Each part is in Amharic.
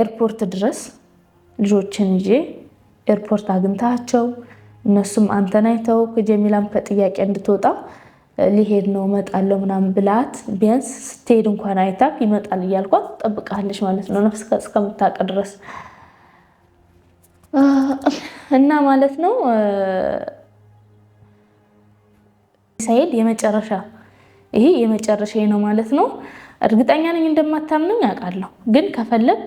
ኤርፖርት ድረስ ልጆችን ይዤ ኤርፖርት አግኝታቸው እነሱም አንተን አይተው ከጀሚላም ከጥያቄ እንድትወጣ ሊሄድ ነው እመጣለሁ ምናምን ብላት ቢያንስ ስትሄድ እንኳን አይታ ይመጣል እያልኳት ጠብቃለች ማለት ነው፣ ነፍስ እስከምታውቅ ድረስ እና ማለት ነው። ሳይድ የመጨረሻ ይሄ የመጨረሻ ነው ማለት ነው። እርግጠኛ ነኝ እንደማታምነኝ አውቃለሁ፣ ግን ከፈለግ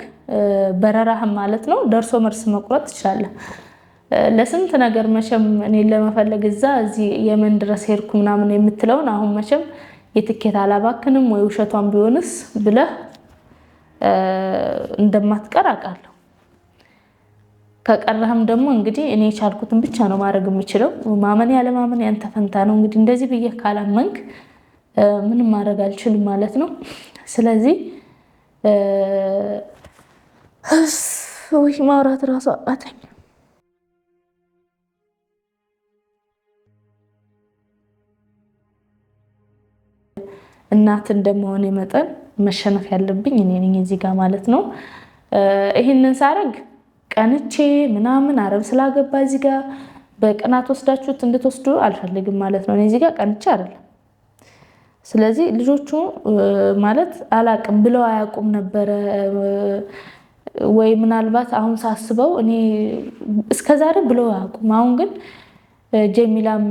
በረራህ ማለት ነው ደርሶ መርስ መቁረጥ ትችላለህ። ለስንት ነገር መቼም እኔን ለመፈለግ እዛ እዚህ የመን ድረስ ሄድኩ ምናምን የምትለውን አሁን መቼም የትኬት አላባክንም ወይ ውሸቷን ቢሆንስ ብለህ እንደማትቀር አውቃለሁ። ከቀረህም ደግሞ እንግዲህ እኔ የቻልኩትን ብቻ ነው ማድረግ የምችለው። ማመን ያለማመን ያንተ ፈንታ ነው። እንግዲህ እንደዚህ ብዬ ካላመንክ ምንም ማድረግ አልችልም ማለት ነው። ስለዚህ ሰዎች ማውራት እራሱ አቃተኝ። እናት እንደመሆን መጠን መሸነፍ ያለብኝ እኔ ነኝ እዚህ ጋር ማለት ነው። ይህንን ሳረግ ቀንቼ ምናምን አረብ ስላገባ እዚህ ጋር በቅናት ወስዳችሁት እንድትወስዱ አልፈልግም ማለት ነው። እኔ እዚህ ጋር ቀንቼ አይደለም ስለዚህ ልጆቹ ማለት አላቅም ብለው አያውቁም ነበረ ወይ ምናልባት አሁን ሳስበው እኔ እስከዛሬ ብለው አያውቁም። አሁን ግን ጀሚላም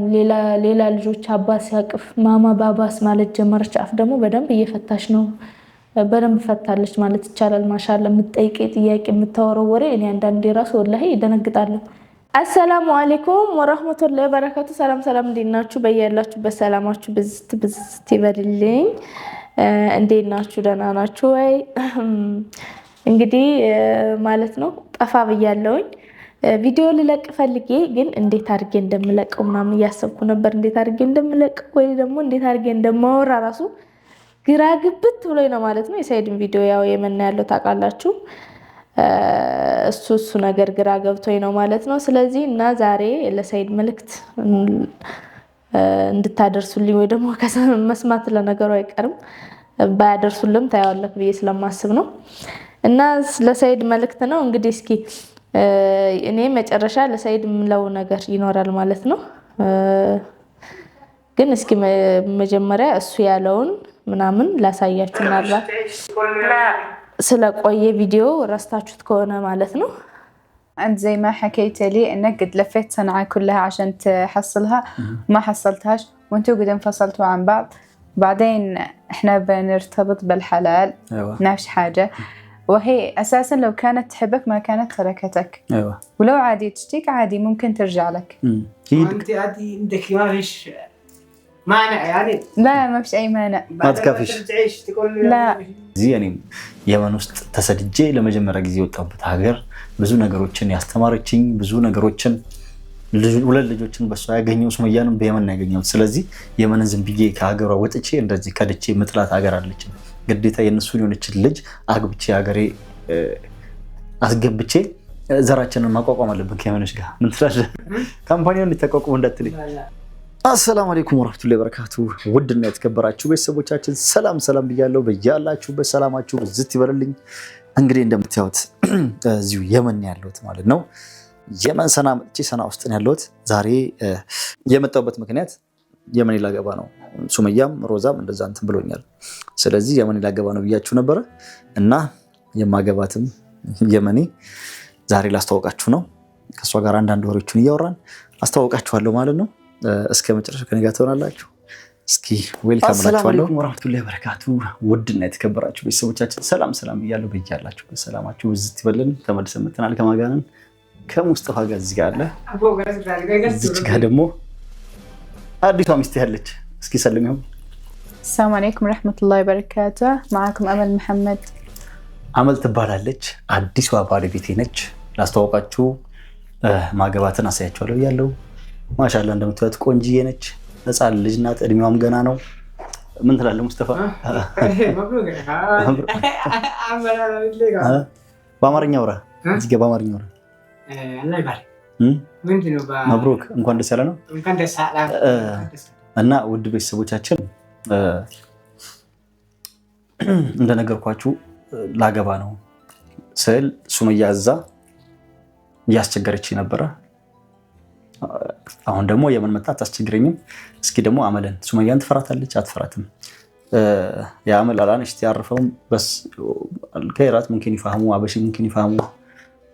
ሌላ ልጆች አባት ሲያቅፍ ማማ ባባስ ማለት ጀመረች። አፍ ደግሞ በደንብ እየፈታች ነው። በደንብ ፈታለች ማለት ይቻላል። ማሻለ የምትጠይቀኝ ጥያቄ የምታወረው ወሬ እኔ አንዳንዴ ራሱ ወላሂ ይደነግጣለሁ። አሰላሙ አሌይኩም ወረህመቱላሂ በረካቱ። ሰላም ሰላም፣ እንዴት ናችሁ? በያላችሁበት ሰላማችሁ ብዝት ብዝት ይበልልኝ። እንዴት ናችሁ? ደህና ናችሁ ወይ? እንግዲህ ማለት ነው ጠፋ ብያለሁኝ። ቪዲዮ ልለቅ ፈልጌ ግን እንዴት አድርጌ እንደምለቀው ምናምን እያሰብኩ ነበር። እንዴት አድርጌ እንደምለቀው ወይ ደግሞ እንዴት አድርጌ እንደማወራ ራሱ ግራ ግብት ብሎኝ ነው ማለት ነው። የሳይድን ቪዲዮ ያው የመና ያለው ታውቃላችሁ እሱ እሱ ነገር ግራ ገብቶኝ ነው ማለት ነው። ስለዚህ እና ዛሬ ለሰይድ መልእክት እንድታደርሱልኝ ወይ ደግሞ መስማት ለነገሩ አይቀርም ባያደርሱልም ታያዋለህ ብዬ ስለማስብ ነው እና ለሰይድ መልእክት ነው እንግዲህ እስኪ እኔ መጨረሻ ለሰይድ ምለው ነገር ይኖራል ማለት ነው። ግን እስኪ መጀመሪያ እሱ ያለውን ምናምን ላሳያችሁ ምናልባት ስለቆየ ቪዲዮ ረስታችሁት ከሆነ ማለት ነው أنت زي ما حكيت لي أنك قد لفيت صنعاء كلها عشان تحصلها ما حصلتهاش وأنتوا قد انفصلتوا عن بعض بعدين إحنا بنرتبط بالحلال أيوة. نفس حاجة وهي أساسا لو كانت تحبك ما كانت تركتك أيوة. ولو عادي تشتيك عادي ممكن ترجع لك أنت عادي عندك ما فيش مانع يعني لا ما فيش اي مانع ما تكفيش تعيش تقول لا እዚህ እኔም የመን ውስጥ ተሰድጄ ለመጀመሪያ ጊዜ የወጣሁበት ሀገር ብዙ ነገሮችን ያስተማረችኝ ብዙ ነገሮችን ሁለት ልጆችን በሷ ያገኘው ሱመያንም በየመን ያገኘው። ስለዚህ የመንን ዝም ብዬ ከሀገሯ ወጥቼ እንደዚህ ከድቼ ምጥላት ሀገር አለች። ግዴታ የእነሱን የሆነችን ልጅ አግብቼ ሀገሬ አስገብቼ ዘራችንን ማቋቋም አለብን ከየመኖች ጋር። ምን ትላለህ? ካምፓኒውን ተቋቁሞ እንዳትልኝ አሰላሙ አሌይኩም ወራህመቱላሂ ወበረካቱ ውድና የተከበራችሁ ቤተሰቦቻችን ሰላም ሰላም ብያለሁ። በያላችሁበት ሰላማችሁ ብዝት ይበልልኝ። እንግዲህ እንደምታዩት እዚሁ የመን ያለሁት ማለት ነው። የመን ሰና መጥቼ ሰና ውስጥ ነው ያለሁት። ዛሬ የመጣሁበት ምክንያት የመን ላገባ ነው። ሱመያም ሮዛም እንደዛ እንትን ብሎኛል። ስለዚህ የመን ላገባ ነው ብያችሁ ነበረ እና የማገባትም የመኔ ዛሬ ላስተዋወቃችሁ ነው። ከእሷ ጋር አንዳንድ ወሬዎችን እያወራን አስተዋወቃችኋለሁ ማለት ነው። እስከ መጨረሻ ከነጋ ትሆናላችሁ። እስኪ ዌልካም ናቸዋለሁ። አሰላሙ አለይኩም ወራህመቱላሂ ወበረካቱ። ውድና የተከበራችሁ ቤተሰቦቻችን ሰላም ሰላም እያለሁ በያላችሁ በሰላማችሁ ብዝት ይበልን። ተመልሰን መጥተናል። ከማጋነን ከሙስጠፋ ጋር እዚህ ጋር አለ፣ እዚች ጋር ደግሞ አዲሷ ሚስት ያለች። እስኪ ሰልም ይሁን። ሰላም አለይኩም ወራህመቱላሂ ወበረካቱ። ማዕኩም አመል መሐመድ አመል ትባላለች። አዲሷ ባለቤቴ ነች። ላስተዋወቃችሁ ማገባትን አሳያቸዋለሁ እያለሁ ማሻላ እንደምትበት ቆንጅዬ ነች። ህፃን ልጅ ናት። እድሜዋም ገና ነው። ምን ትላለህ ሙስተፋ? በአማርኛ ውራ እዚህ በአማርኛ ውራ። መብሩክ እንኳን ደስ ያለ ነው እና ውድ ቤተሰቦቻችን እንደነገርኳችሁ ላገባ ነው ስል ሱመያ እዛ እያስቸገረች ነበረ። አሁን ደግሞ የመን መጣ አታስቸግረኝም። እስኪ ደግሞ አመለን ሱመያን ትፈራታለች አትፈራትም? የአመል አላን እሽቲ ያርፈውም በስ ከይራት ሙምኪን ይፋህሙ አበሺ ሙምኪን ይፋህሙ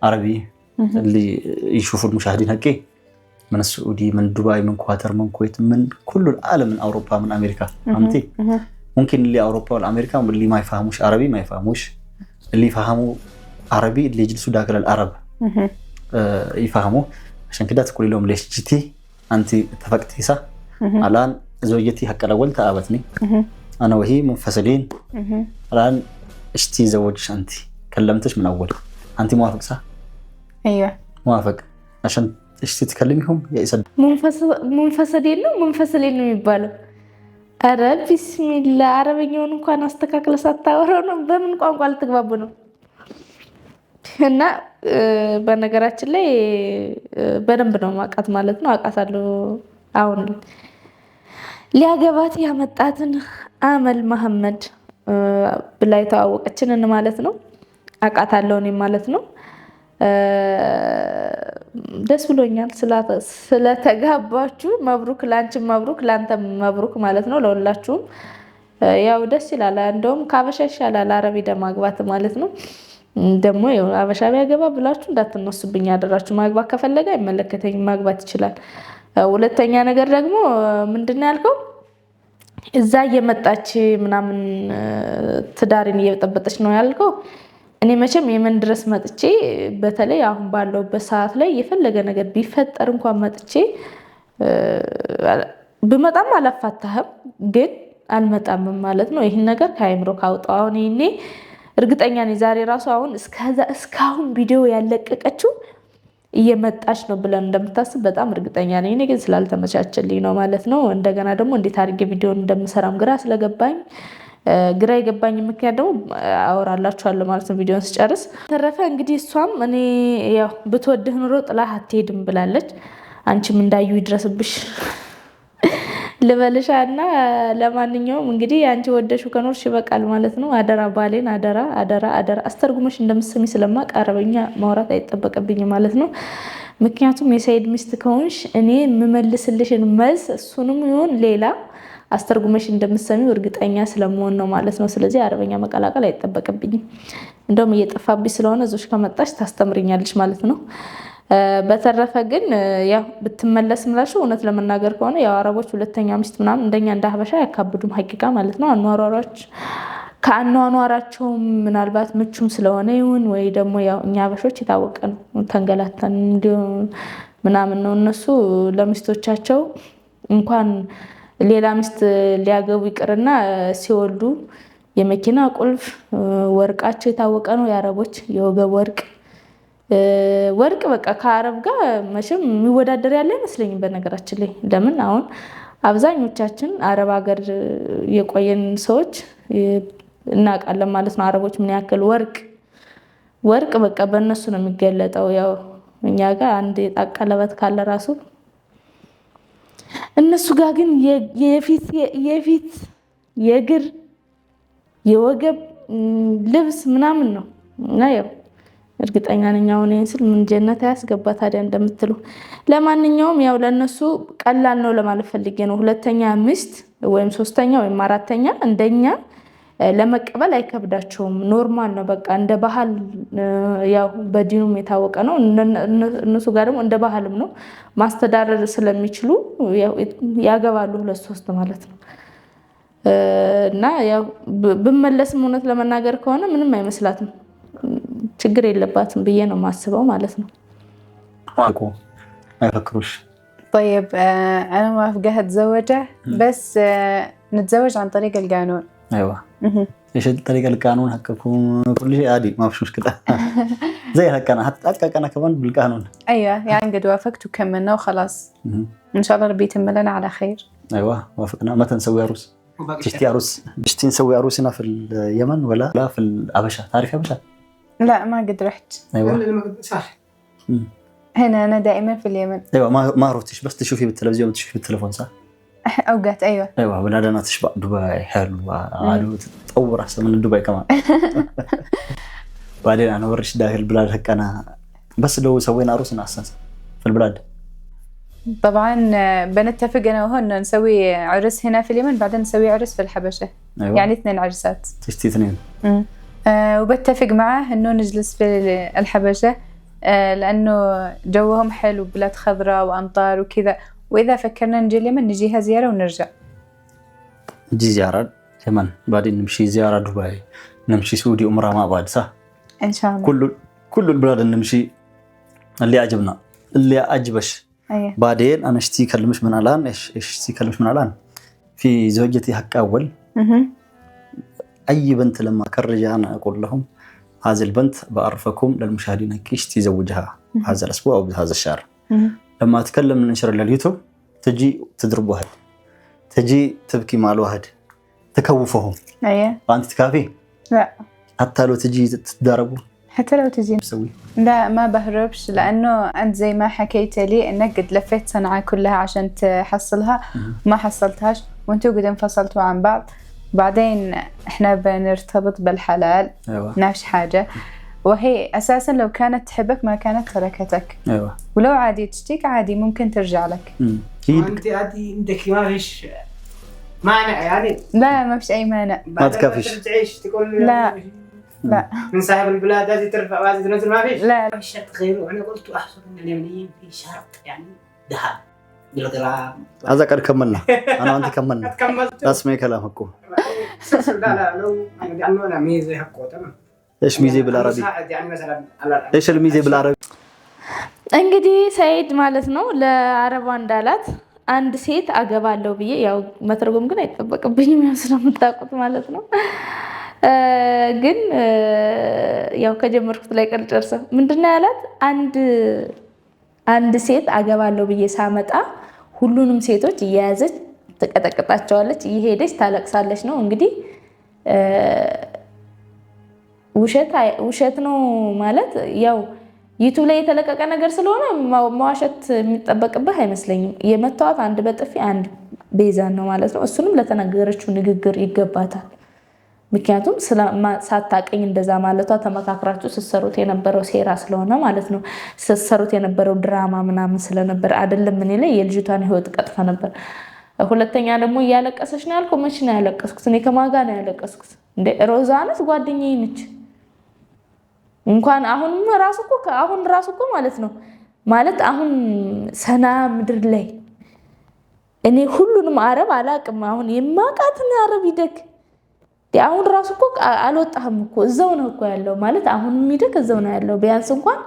አረቢ اللي يشوفوا المشاهدين هكي من السعودي من دبي من كواتر من كويت من كل العالم من اوروبا من امريكا فهمتي ممكن اللي اوروبا والامريكا اللي ما يفهموش عربي ما يفهموش اللي يفهموا عربي اللي يجلسوا داخل العرب Ashankidati kulilom leeshjitii anti tafaqtiisa alaan zooyyatii haqqala walta aabatni ana wahii munfasiliin alaan ishtii zawajsh anti kallamtesh min awwal anti muwaafiq saa ሙዋፈቅ አሸን እሺ ስትከልሚሁም የኢሰድ ሙንፈሰሌን ነው ሙንፈሰሌን ነው የሚባለው። ኧረ ቢስሚላ አረበኛውን እንኳን አስተካክለ ሳታወራው ነው። በምን ቋንቋ ልትግባቡ ነው? እና በነገራችን ላይ በደንብ ነው ማቃት ማለት ነው። አውቃታለሁ። አሁን ሊያገባት ያመጣትን አመል መሐመድ ብላ የተዋወቀችንን ማለት ነው። አውቃታለሁ እኔም ማለት ነው። ደስ ብሎኛል ስለተጋባችሁ። መብሩክ፣ ለአንቺም መብሩክ፣ ለአንተም መብሩክ ማለት ነው። ለሁላችሁም ያው ደስ ይላል። እንደውም ካበሻ ይሻላል አረብ ሄደ ማግባት ማለት ነው። ደግሞ አበሻ ቢያገባ ብላችሁ እንዳትነሱብኝ ያደራችሁ። ማግባት ከፈለገ አይመለከተኝም፣ ማግባት ይችላል። ሁለተኛ ነገር ደግሞ ምንድን ነው ያልከው እዛ እየመጣች ምናምን ትዳሬን እየበጠበጠች ነው ያልከው። እኔ መቼም የመን ድረስ መጥቼ በተለይ አሁን ባለውበት ሰዓት ላይ የፈለገ ነገር ቢፈጠር እንኳን መጥቼ ብመጣም አላፋታህም፣ ግን አልመጣምም ማለት ነው። ይህን ነገር ከአይምሮ ካውጣው አሁን እርግጠኛ ነኝ ዛሬ ራሱ አሁን እስከዛ እስካሁን ቪዲዮ ያለቀቀችው እየመጣች ነው ብለን እንደምታስብ በጣም እርግጠኛ ነኝ። እኔ ግን ስላልተመቻቸልኝ ነው ማለት ነው። እንደገና ደግሞ እንዴት አድርጌ ቪዲዮን እንደምሰራም ግራ ስለገባኝ ግራ የገባኝ ምክንያት ደግሞ አወራላችኋለሁ ማለት ነው ቪዲዮን ስጨርስ። ተረፈ እንግዲህ እሷም እኔ ያው ብትወድህ ኑሮ ጥላህ አትሄድም ብላለች። አንቺም እንዳዩ ይድረስብሽ። ልበልሻና ለማንኛውም እንግዲህ አንቺ ወደሽው ከኖርሽ ይበቃል ማለት ነው። አደራ ባሌን አደራ አደራ አደራ አስተርጉመሽ እንደምትሰሚ ስለማቅ አረበኛ ማውራት አይጠበቅብኝ ማለት ነው። ምክንያቱም የሰይድ ሚስት ከሆንሽ እኔ የምመልስልሽን መልስ እሱንም ይሁን ሌላ አስተርጉመሽ እንደምሰሚ እርግጠኛ ስለመሆን ነው ማለት ነው። ስለዚህ አረበኛ መቀላቀል አይጠበቅብኝም። እንደውም እየጠፋብኝ ስለሆነ እዞች ከመጣሽ ታስተምርኛለች ማለት ነው። በተረፈ ግን ያው ብትመለስ ምላሽው እውነት ለመናገር ከሆነ ያው አረቦች ሁለተኛ ሚስት ምናምን እንደኛ እንደ ሀበሻ ያካብዱም ሀቂቃ ማለት ነው። አኗሯሮች ከአኗኗራቸውም ምናልባት ምቹም ስለሆነ ይሁን ወይ ደግሞ ያው እኛ ሀበሾች የታወቀ ነው ተንገላተን እንዲሁ ምናምን ነው። እነሱ ለሚስቶቻቸው እንኳን ሌላ ሚስት ሊያገቡ ይቅርና ሲወልዱ የመኪና ቁልፍ ወርቃቸው የታወቀ ነው። የአረቦች የወገብ ወርቅ ወርቅ በቃ ከአረብ ጋር መቼም የሚወዳደር ያለ አይመስለኝም። በነገራችን ላይ ለምን አሁን አብዛኞቻችን አረብ ሀገር የቆየን ሰዎች እናውቃለን ማለት ነው። አረቦች ምን ያክል ወርቅ ወርቅ በቃ በእነሱ ነው የሚገለጠው። ያው እኛ ጋር አንድ የጣት ቀለበት ካለ ራሱ እነሱ ጋር ግን የፊት የእግር የወገብ ልብስ ምናምን ነው እና ያው እርግጠኛ ነኝ። አሁን ይህን ስል ምን ጀነት ያስገባ ታዲያ እንደምትሉ። ለማንኛውም ያው ለእነሱ ቀላል ነው ለማለት ፈልጌ ነው። ሁለተኛ ሚስት ወይም ሶስተኛ ወይም አራተኛ እንደኛ ለመቀበል አይከብዳቸውም። ኖርማል ነው በቃ እንደ ባህል ያው በዲኑም የታወቀ ነው። እነሱ ጋር ደግሞ እንደ ባህልም ነው ማስተዳደር ስለሚችሉ ያገባሉ ሁለት ሶስት ማለት ነው። እና ያው ብመለስም እውነት ለመናገር ከሆነ ምንም አይመስላትም። ችግር የለባትም ብዬ ነው የማስበው ማለት ነው። ما يفكروش طيب آه، انا موافقه اتزوجه بس آه، نتزوج عن طريق القانون ايوه ايش طريق القانون حقكم كل شيء عادي ما فيش مشكله زي هكا انا حتحقق انا كمان بالقانون ايوه يعني قد وافقت وكملنا وخلاص ان شاء الله ربي يتم لنا على خير ايوه وافقنا متى نسوي عروس؟ تشتي عروس تشتي نسوي عروسنا في اليمن ولا لا في الابشة تعرف ابشة؟ لا ما قد رحت ايوه صح هنا انا دائما في اليمن ايوه ما ما رحتش بس تشوفي بالتلفزيون تشوفي بالتلفون صح؟ اوقات ايوه ايوه والاعلانات تشبع دبي حلوه عالو تطور احسن من دبي كمان بعدين انا اوريش داخل البلاد هك انا بس لو سوينا عروس احسن في البلاد طبعا آه، بنتفق انا وهن نسوي عرس هنا في اليمن بعدين نسوي عرس في الحبشه أيوة. يعني اثنين عرسات تشتي اثنين أه وبتفق معه انه نجلس في الحبشه أه لانه جوهم حلو بلاد خضراء وامطار وكذا واذا فكرنا نجي اليمن نجيها زياره ونرجع نجي زياره اليمن بعدين نمشي زياره دبي نمشي سعودي عمره مع بعض صح ان شاء الله كل كل البلاد نمشي اللي عجبنا اللي عجبش أيه. بعدين انا اشتي كلمش من الان ايش ايش كلمش من الان في زوجتي حق اول اي بنت لما اكرج انا اقول لهم هذه البنت بعرفكم للمشاهدين كيش تزوجها هذا الاسبوع او بهذا الشهر لما اتكلم ننشر لليوتيوب تجي تضرب واحد تجي تبكي مع الواحد تكوفهم ايه وانت تكافي؟ لا حتى لو تجي تتدربوا حتى لو تجي تسوي؟ لا ما بهربش لانه انت زي ما حكيت لي انك قد لفيت صنعاء كلها عشان تحصلها وما حصلتهاش وانتوا قد انفصلتوا عن بعض بعدين احنا بنرتبط بالحلال أيوة. نفس حاجة وهي اساسا لو كانت تحبك ما كانت تركتك ايوه ولو عادي تشتيك عادي ممكن ترجع لك امم انت عادي عندك ما فيش مانع يعني لا ما فيش اي مانع ما تكفيش تعيش تقول لا يعني لا من صاحب البلاد هذه ترفع وهذه تنزل ما فيش لا شرط غير وانا قلت احسب ان اليمنيين في شرط يعني ذهب ಅದ ಕಡೆ ಕಮ್ಮನ್ನ ನಾನು ಅಂತ ಕಮ್ಮನ್ನ ರಸ್ಮೆ ಕಲಾಂ ಹಕ್ಕು ايش ميزه እንግዲህ ሰይድ ማለት ነው ለአረቧ እንዳላት አንድ ሴት አገባለሁ ብዬ ያው መተርጎም ግን አይጠበቅብኝም ያው ስለምታውቁት ማለት ነው ግን ያው ከጀመርኩት ላይ ቀን ጨርሰው ምንድን ነው ያላት አንድ አንድ ሴት አገባለሁ ብዬ ሳመጣ ሁሉንም ሴቶች እየያዘች ትቀጠቅጣቸዋለች፣ እየሄደች ታለቅሳለች ነው እንግዲህ ውሸት ነው ማለት ያው ዩቱብ ላይ የተለቀቀ ነገር ስለሆነ መዋሸት የሚጠበቅብህ አይመስለኝም። የመታወት አንድ በጥፊ አንድ ቤዛን ነው ማለት ነው። እሱንም ለተናገረችው ንግግር ይገባታል። ምክንያቱም ሳታቀኝ እንደዛ ማለቷ ተመካክራችሁ ስትሰሩት የነበረው ሴራ ስለሆነ ማለት ነው። ስትሰሩት የነበረው ድራማ ምናምን ስለነበር አይደለም። እኔ ላይ የልጅቷን ህይወት ቀጥፈ ነበር። ሁለተኛ ደግሞ እያለቀሰች ነው ያልከው፣ መች ነው ያለቀስኩት? እኔ ከማጋ ነው ያለቀስኩት? እንደ ሮዛነት ጓደኛዬ ነች። እንኳን አሁንም ራሱ እኮ አሁን ራሱ እኮ ማለት ነው ማለት አሁን ሰና ምድር ላይ እኔ ሁሉንም አረብ አላቅም። አሁን የማቃትን አረብ ይደግ አሁን ራሱ እኮ አልወጣህም እኮ እዛው ነው እኮ ያለው ማለት አሁን የሚድቅ እዛው ነው ያለው። ቢያንስ እንኳን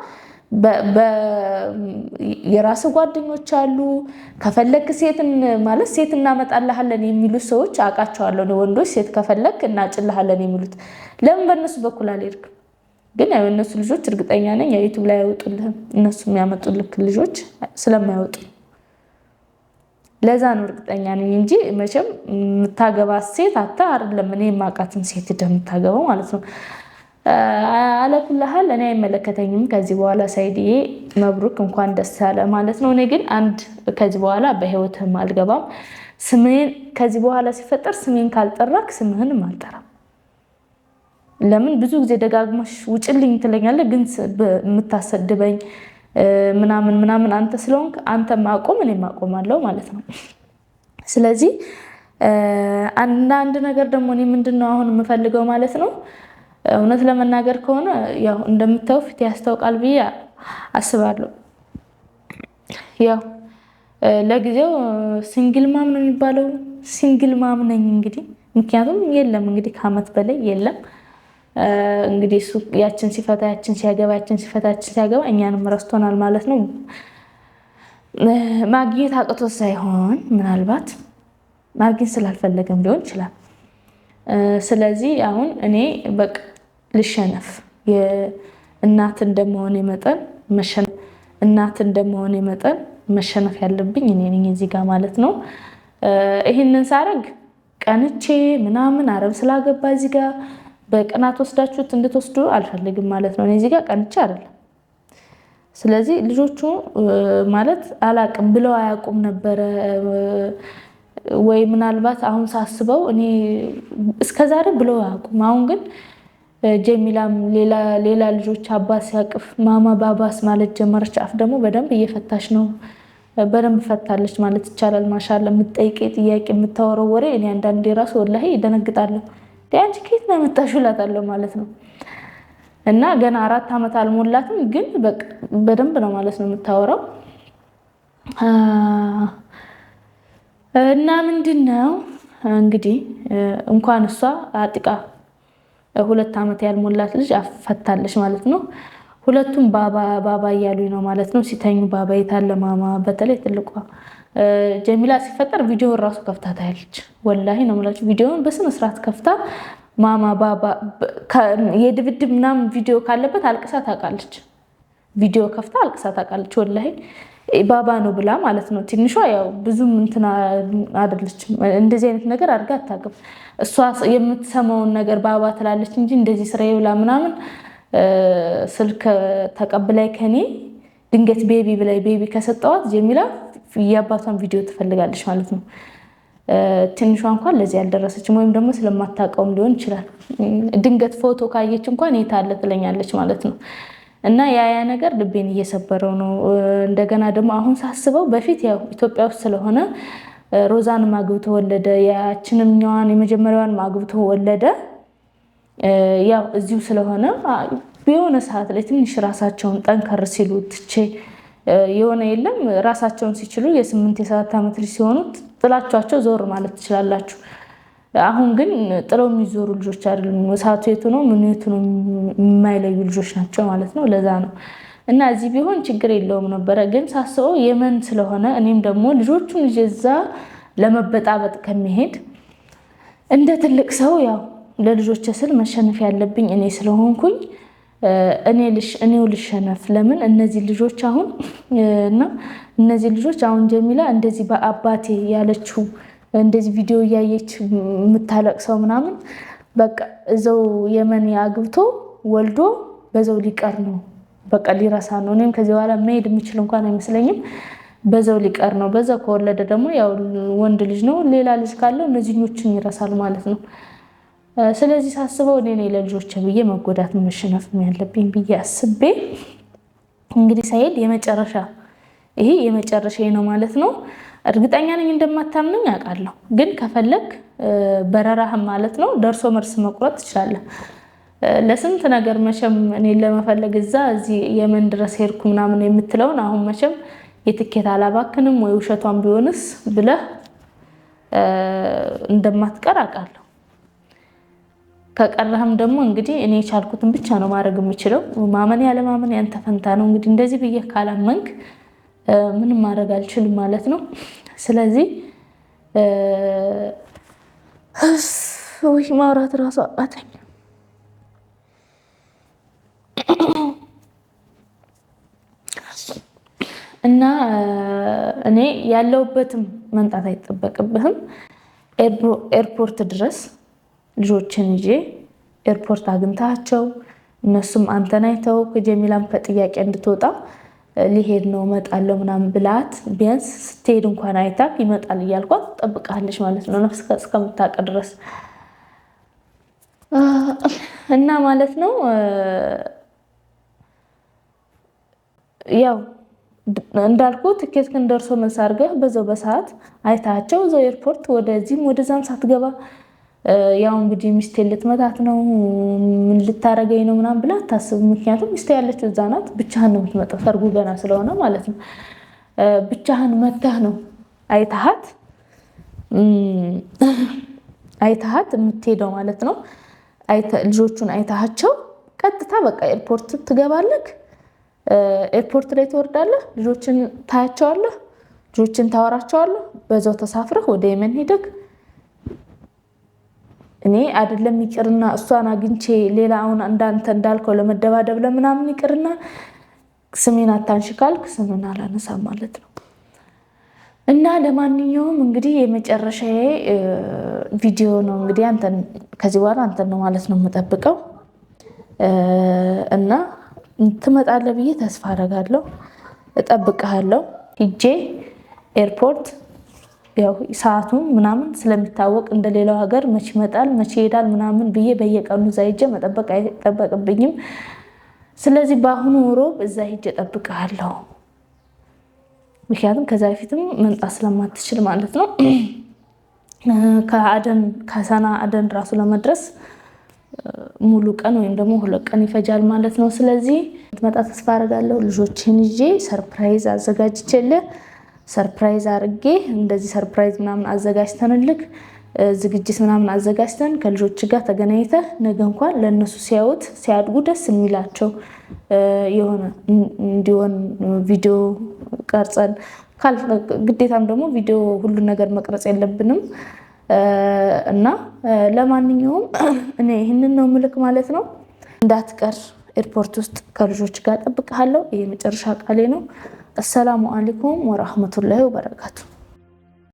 የራስ ጓደኞች አሉ። ከፈለክ ሴትን ማለት ሴት እናመጣልሃለን የሚሉት ሰዎች አውቃቸዋለሁ። ወንዶች ሴት ከፈለግ እናጭልሃለን የሚሉት ለምን በእነሱ በኩል አልሄድክም? ግን ያው እነሱ ልጆች እርግጠኛ ነኝ የዩቱብ ላይ አይወጡልህም። እነሱ የሚያመጡልክ ልጆች ስለማይወጡ ለዛ ነው እርግጠኛ ነኝ እንጂ መቼም የምታገባት ሴት አታ አይደለም እኔ የማውቃትን ሴት ሄደ የምታገባው ማለት ነው። አለኩላህል እኔ አይመለከተኝም ከዚህ በኋላ ሳይድዬ፣ መብሩክ እንኳን ደስ ያለ ማለት ነው። እኔ ግን አንድ ከዚህ በኋላ በህይወትህም አልገባም። ስምህን ከዚህ በኋላ ሲፈጠር ስሜን ካልጠራክ ስምህንም አልጠራም። ለምን ብዙ ጊዜ ደጋግመሽ ውጭልኝ ትለኛለህ፣ ግን የምታሰድበኝ ምናምን ምናምን አንተ ስለሆንክ አንተ ማቆም እኔ ማቆማለሁ ማለት ነው። ስለዚህ አንዳንድ ነገር ደግሞ እኔ ምንድን ነው አሁን የምፈልገው ማለት ነው። እውነት ለመናገር ከሆነ ያው እንደምታየው ፊት ያስታውቃል ብዬ አስባለሁ። ያው ለጊዜው ሲንግል ማም ነው የሚባለው። ሲንግል ማም ነኝ እንግዲህ ምክንያቱም የለም እንግዲህ ከአመት በላይ የለም እንግዲህ እሱ ያችን ሲፈታ ያችን ሲያገባ ያችን ሲፈታ ያችን ሲያገባ እኛንም ረስቶናል ማለት ነው። ማግኘት አቅቶ ሳይሆን ምናልባት ማግኘት ስላልፈለገም ሊሆን ይችላል። ስለዚህ አሁን እኔ በቃ ልሸነፍ እናት እንደመሆን መጠን እናት እንደመሆን መጠን መሸነፍ ያለብኝ እኔ ነኝ እዚህ ጋር ማለት ነው። ይህንን ሳረግ ቀንቼ ምናምን አረብ ስላገባ እዚህ ጋር በቅናት ወስዳችሁት እንድትወስዱ አልፈልግም ማለት ነው። እዚህ ጋር ቀንቼ አይደለም። ስለዚህ ልጆቹ ማለት አላቅም ብለው አያውቁም ነበረ ወይ ምናልባት አሁን ሳስበው እኔ እስከዛሬ ብለው አያውቁም። አሁን ግን ጀሚላም ሌላ ልጆች አባት ሲያቅፍ ማማ ባባስ ማለት ጀመረች። አፍ ደግሞ በደንብ እየፈታች ነው። በደንብ ፈታለች ማለት ይቻላል። ማሻላ የምትጠይቀኝ ጥያቄ የምታወረው ወሬ እኔ አንዳንዴ ራሱ ወላሂ እደነግጣለሁ። አንቺ ከየት ነው የመጣሽው እላታለሁ ማለት ነው። እና ገና አራት ዓመት አልሞላትም፣ ግን በደንብ ነው ማለት ነው የምታወራው። እና ምንድን ነው እንግዲህ እንኳን እሷ አጥቃ ሁለት ዓመት ያልሞላት ልጅ አፈታለች ማለት ነው። ሁለቱም ባባ ባባ እያሉኝ ነው ማለት ነው። ሲተኙ ባባ የታለ ማማ፣ በተለይ ትልቋ ጀሚላ ሲፈጠር ቪዲዮን ራሱ ከፍታ ታያለች። ወላሂ ነው የምላችሁ። ቪዲዮን በስነ ስርዓት ከፍታ ማማ ባባ የድብድብ ምናምን ቪዲዮ ካለበት አልቅሳ ታውቃለች። ቪዲዮ ከፍታ አልቅሳ ታውቃለች። ወላሂ ባባ ነው ብላ ማለት ነው። ትንሿ ያው ብዙም እንትና አደለች። እንደዚህ አይነት ነገር አድርጋ አታውቅም። እሷ የምትሰማውን ነገር ባባ ትላለች እንጂ እንደዚህ ስራዬ ብላ ምናምን ስልክ ተቀብላይ ከኔ ድንገት ቤቢ ብላይ ቤቢ ከሰጠዋት ጀሚላ የአባቷን ቪዲዮ ትፈልጋለች ማለት ነው። ትንሿ እንኳን ለዚህ ያልደረሰችም ወይም ደግሞ ስለማታውቀውም ሊሆን ይችላል። ድንገት ፎቶ ካየች እንኳን የታለ ትለኛለች ማለት ነው። እና ያያ ነገር ልቤን እየሰበረው ነው። እንደገና ደግሞ አሁን ሳስበው በፊት ያው ኢትዮጵያ ውስጥ ስለሆነ ሮዛን ማግብቶ ወለደ፣ ያችንኛዋን የመጀመሪያዋን ማግብቶ ወለደ። ያው እዚሁ ስለሆነ የሆነ ሰዓት ላይ ትንሽ ራሳቸውን ጠንከር ሲሉ ትቼ የሆነ የለም ራሳቸውን ሲችሉ የስምንት የሰባት ዓመት ልጅ ሲሆኑ ጥላችኋቸው ዞር ማለት ትችላላችሁ። አሁን ግን ጥለው የሚዞሩ ልጆች አይደሉም። እሳቱ የቱ ነው ምኑ የቱ ነው የማይለዩ ልጆች ናቸው ማለት ነው። ለዛ ነው እና እዚህ ቢሆን ችግር የለውም ነበረ። ግን ሳስበው የመን ስለሆነ እኔም ደግሞ ልጆቹን ይዤ እዛ ለመበጣበጥ ከሚሄድ እንደ ትልቅ ሰው ያው ለልጆች ስል መሸነፍ ያለብኝ እኔ ስለሆንኩኝ እኔው ልሸነፍ። ለምን እነዚህ ልጆች አሁን እና እነዚህ ልጆች አሁን ጀሚላ እንደዚህ በአባቴ ያለችው እንደዚህ ቪዲዮ እያየች የምታለቅሰው ምናምን በቃ እዘው የመን አግብቶ ወልዶ በዘው ሊቀር ነው፣ በቃ ሊረሳ ነው። እኔም ከዚህ በኋላ መሄድ የምችል እንኳን አይመስለኝም። በዘው ሊቀር ነው። በዛው ከወለደ ደግሞ ያው ወንድ ልጅ ነው። ሌላ ልጅ ካለው እነዚህኞችን ይረሳል ማለት ነው። ስለዚህ ሳስበው እኔ ላይ ለልጆች ብዬ መጎዳት መሸነፍ ያለብኝ ብዬ አስቤ እንግዲህ ሳይሄድ የመጨረሻ ይሄ የመጨረሻ ነው ማለት ነው። እርግጠኛ ነኝ እንደማታምነኝ አውቃለሁ፣ ግን ከፈለግ በረራህም ማለት ነው ደርሶ መርስ መቁረጥ ትችላለህ። ለስንት ነገር መቼም እኔ ለመፈለግ እዛ እዚህ የመን ድረስ ሄድኩ ምናምን የምትለውን አሁን መቼም የትኬት አላባክንም ወይ ውሸቷን ቢሆንስ ብለህ እንደማትቀር አውቃለሁ። ከቀረህም ደግሞ እንግዲህ እኔ የቻልኩትን ብቻ ነው ማድረግ የምችለው። ማመን ያለማመን ያንተ ፈንታ ነው። እንግዲህ እንደዚህ ብዬ ካላመንክ ምንም ማድረግ አልችልም ማለት ነው። ስለዚህ ሰዎች ማውራት ራሱ አቃተኝ። እና እኔ ያለሁበትም መምጣት አይጠበቅብህም ኤርፖርት ድረስ ልጆችን ይዤ ኤርፖርት አግኝታቸው እነሱም አንተን አይተው ከጀሚላም ከጥያቄ እንድትወጣ ሊሄድ ነው እመጣለሁ ምናምን ብላት ቢያንስ ስትሄድ እንኳን አይታክ ይመጣል እያልኳት ጠብቃለች ማለት ነው፣ ነፍስ እስከምታውቅ ድረስ እና ማለት ነው። ያው እንዳልኩ ትኬትክን ደርሶ መልስ አድርገህ በዛው በሰዓት አይታቸው እዛው ኤርፖርት ወደዚህም ወደዛም ሳትገባ ያው እንግዲህ ሚስቴ ልትመታት ነው ምን ልታረገኝ ነው ምናምን ብላ አታስብ። ምክንያቱም ሚስቴ ያለችው እዛ ናት። ብቻህን ነው የምትመጣው፣ ሰርጉ ገና ስለሆነ ማለት ነው። ብቻህን መተህ ነው አይተሃት አይተሃት የምትሄደው ማለት ነው። ልጆቹን አይተሃቸው ቀጥታ በቃ ኤርፖርት ትገባለህ። ኤርፖርት ላይ ትወርዳለህ። ልጆችን ታያቸዋለህ። ልጆችን ታወራቸዋለህ። በዛው ተሳፍረህ ወደ የመን ሄደህ እኔ አይደለም ይቅርና እሷን አግኝቼ ሌላ አሁን እንዳንተ እንዳልከው ለመደባደብ ለምናምን ይቅርና ስሜን አታንሽ ካልክ ስምን አላነሳ ማለት ነው። እና ለማንኛውም እንግዲህ የመጨረሻ ቪዲዮ ነው እንግዲህ ከዚህ በኋላ አንተን ነው ማለት ነው የምጠብቀው እና ትመጣለህ ብዬ ተስፋ አደርጋለሁ። እጠብቅሃለሁ ሂጄ ኤርፖርት ያው ሰዓቱም ምናምን ስለሚታወቅ እንደሌላው ሀገር መቼ ይመጣል መቼ ይሄዳል ምናምን ብዬ በየቀኑ እዛ ሄጄ መጠበቅ አይጠበቅብኝም። ስለዚህ በአሁኑ ሮብ እዛ ሄጄ እጠብቅሃለሁ። ምክንያቱም ከዛ በፊትም መምጣት ስለማትችል ማለት ነው። ከአደን ከሰና አደን ራሱ ለመድረስ ሙሉ ቀን ወይም ደግሞ ሁለት ቀን ይፈጃል ማለት ነው። ስለዚህ መጣ ተስፋ አደርጋለሁ። ልጆችን ይዤ ሰርፕራይዝ አዘጋጅቼልህ ሰርፕራይዝ አርጌ እንደዚህ ሰርፕራይዝ ምናምን አዘጋጅተንልክ ዝግጅት ምናምን አዘጋጅተን ከልጆች ጋር ተገናኝተ ነገ እንኳን ለእነሱ ሲያዩት ሲያድጉ ደስ የሚላቸው የሆነ እንዲሆን ቪዲዮ ቀርጸን ግዴታም ደግሞ ቪዲዮ ሁሉን ነገር መቅረጽ የለብንም እና ለማንኛውም እኔ ይህንን ነው ምልክ ማለት ነው። እንዳትቀር ኤርፖርት ውስጥ ከልጆች ጋር ጠብቅሃለሁ። ይሄ መጨረሻ ቃሌ ነው። አሰላሙ አለይኩም ወራህመቱላሂ ወበረካቱ